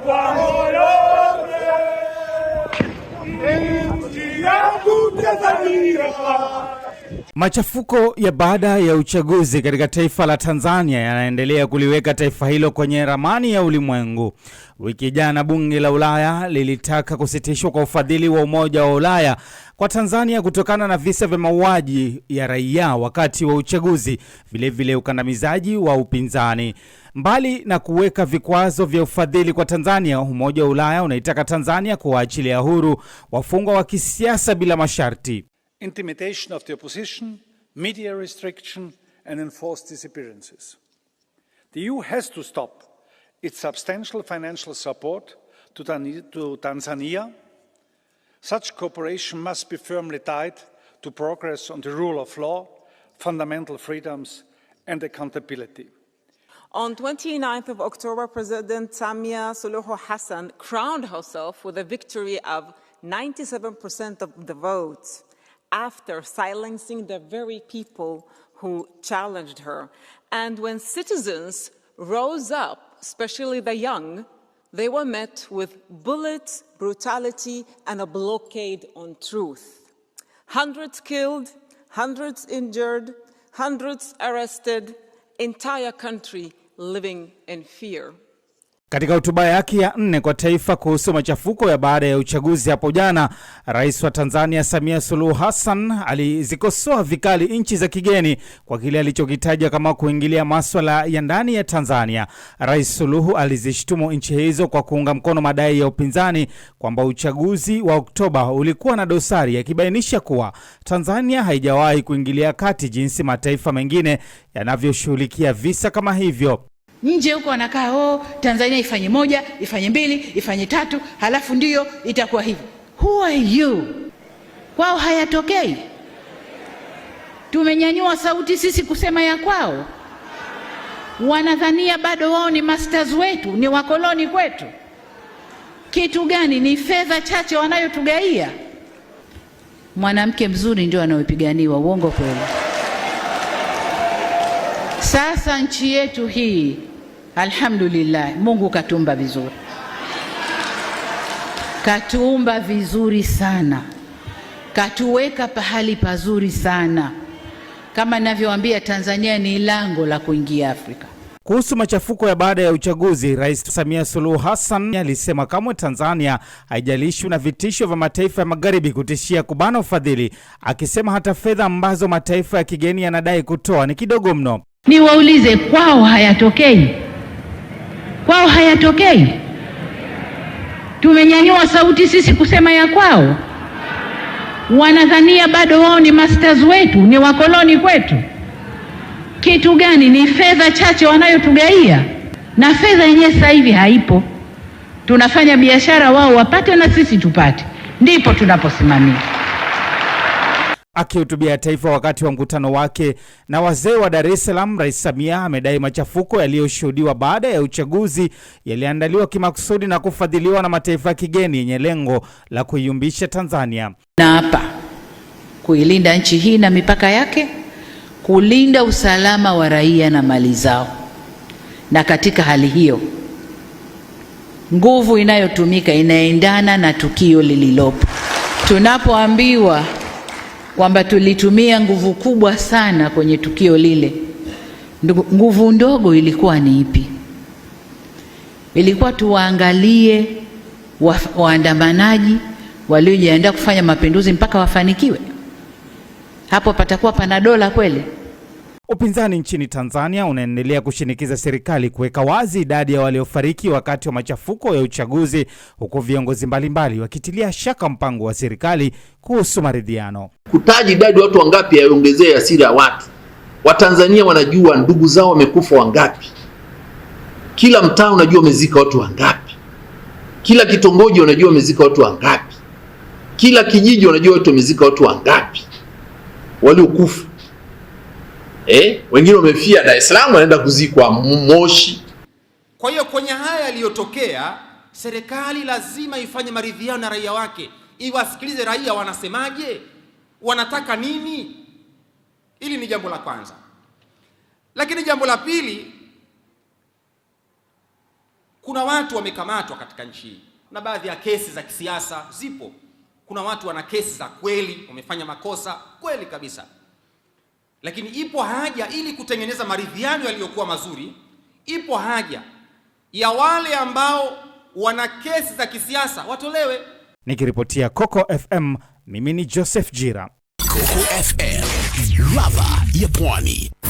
kwa moyo nchi yangu Tanzania. Machafuko ya baada ya uchaguzi katika taifa la Tanzania yanaendelea kuliweka taifa hilo kwenye ramani ya ulimwengu. Wiki jana bunge la Ulaya lilitaka kusitishwa kwa ufadhili wa Umoja wa Ulaya kwa Tanzania kutokana na visa vya mauaji ya raia wakati wa uchaguzi, vilevile ukandamizaji wa upinzani. Mbali na kuweka vikwazo vya ufadhili kwa Tanzania, Umoja wa Ulaya unaitaka Tanzania kuwaachilia huru wafungwa wa kisiasa bila masharti. Intimidation of the opposition, media restriction and enforced disappearances. The EU has to stop its substantial financial support to Tanzania Such cooperation must be firmly tied to progress on the rule of law, fundamental freedoms and accountability. On 29th of October, President Samia Suluhu Hassan crowned herself with a victory of 97% of the votes after silencing the very people who challenged her. And when citizens rose up, especially the young, they were met with bullets, brutality, and a blockade on truth. Hundreds killed, hundreds injured, hundreds arrested, entire country living in fear. Katika hotuba yake ya nne kwa taifa kuhusu machafuko ya baada ya uchaguzi hapo jana, rais wa Tanzania Samia Suluhu Hassan alizikosoa vikali nchi za kigeni kwa kile alichokitaja kama kuingilia maswala ya ndani ya Tanzania. Rais Suluhu alizishtumu nchi hizo kwa kuunga mkono madai ya upinzani kwamba uchaguzi wa Oktoba ulikuwa na dosari, akibainisha kuwa Tanzania haijawahi kuingilia kati jinsi mataifa mengine yanavyoshughulikia visa kama hivyo. Nje huko wanakaa oh, Tanzania ifanye moja, ifanye mbili, ifanye tatu, halafu ndiyo itakuwa hivyo. Who are you? Kwao hayatokei. Tumenyanyua sauti sisi kusema ya kwao, wanadhania bado wao ni masters wetu, ni wakoloni kwetu. Kitu gani? Ni fedha chache wanayotugaia. Mwanamke mzuri ndio anayepiganiwa. Uongo kweli? Sasa nchi yetu hii Alhamdulillah, Mungu katuumba vizuri, katuumba vizuri sana, katuweka pahali pazuri sana. Kama ninavyowaambia, Tanzania ni lango la kuingia Afrika. Kuhusu machafuko ya baada ya uchaguzi, Rais Samia Suluhu Hassan alisema kamwe Tanzania haijalishwi na vitisho vya mataifa ya magharibi kutishia kubana ufadhili, akisema hata fedha ambazo mataifa ya kigeni yanadai kutoa ni kidogo mno. Niwaulize, kwao hayatokei kwao hayatokei? Tumenyanyua sauti sisi kusema ya kwao, wanadhania bado wao ni masters wetu, ni wakoloni kwetu. Kitu gani? Ni fedha chache wanayotugaia, na fedha yenyewe sasa hivi haipo. Tunafanya biashara, wao wapate na sisi tupate, ndipo tunaposimamia. Akihutubia taifa wakati wa mkutano wake na wazee wa Dar es Salaam, Rais Samia amedai machafuko yaliyoshuhudiwa baada ya uchaguzi yaliandaliwa kimakusudi na kufadhiliwa na mataifa ya kigeni yenye lengo la kuiumbisha Tanzania. hapa kuilinda nchi hii na mipaka yake, kulinda usalama wa raia na mali zao, na katika hali hiyo nguvu inayotumika inaendana na tukio lililopo. Tunapoambiwa kwamba tulitumia nguvu kubwa sana kwenye tukio lile. Nguvu ndogo ilikuwa ni ipi? Ilikuwa tuwaangalie wa, waandamanaji waliojiandaa kufanya mapinduzi mpaka wafanikiwe? Hapo patakuwa pana dola kweli? Upinzani nchini Tanzania unaendelea kushinikiza serikali kuweka wazi idadi ya waliofariki wakati wa machafuko ya uchaguzi, huku viongozi mbalimbali wakitilia shaka mpango wa serikali kuhusu maridhiano. Kutaji idadi watu wangapi yaongezee hasira ya watu. Watanzania wanajua ndugu zao wamekufa wangapi, kila mtaa unajua wamezika watu wangapi, kila kitongoji unajua wamezika watu wangapi, kila kijiji wanajua watu wamezika watu wangapi waliokufa eh, wengine wamefia Dar es Salaam wanaenda kuzikwa Moshi. Kwa hiyo kwenye haya yaliyotokea, serikali lazima ifanye maridhiano na raia wake, iwasikilize raia wanasemaje, wanataka nini. Hili ni jambo la kwanza, lakini jambo la pili, kuna watu wamekamatwa katika nchi hii na baadhi ya kesi za kisiasa zipo. Kuna watu wana kesi za kweli, wamefanya makosa kweli kabisa. Lakini ipo haja ili kutengeneza maridhiano yaliyokuwa mazuri, ipo haja ya wale ambao wana kesi za kisiasa watolewe. Nikiripotia Coco FM, mimi ni Joseph Jira, Coco FM, ladha ya Pwani.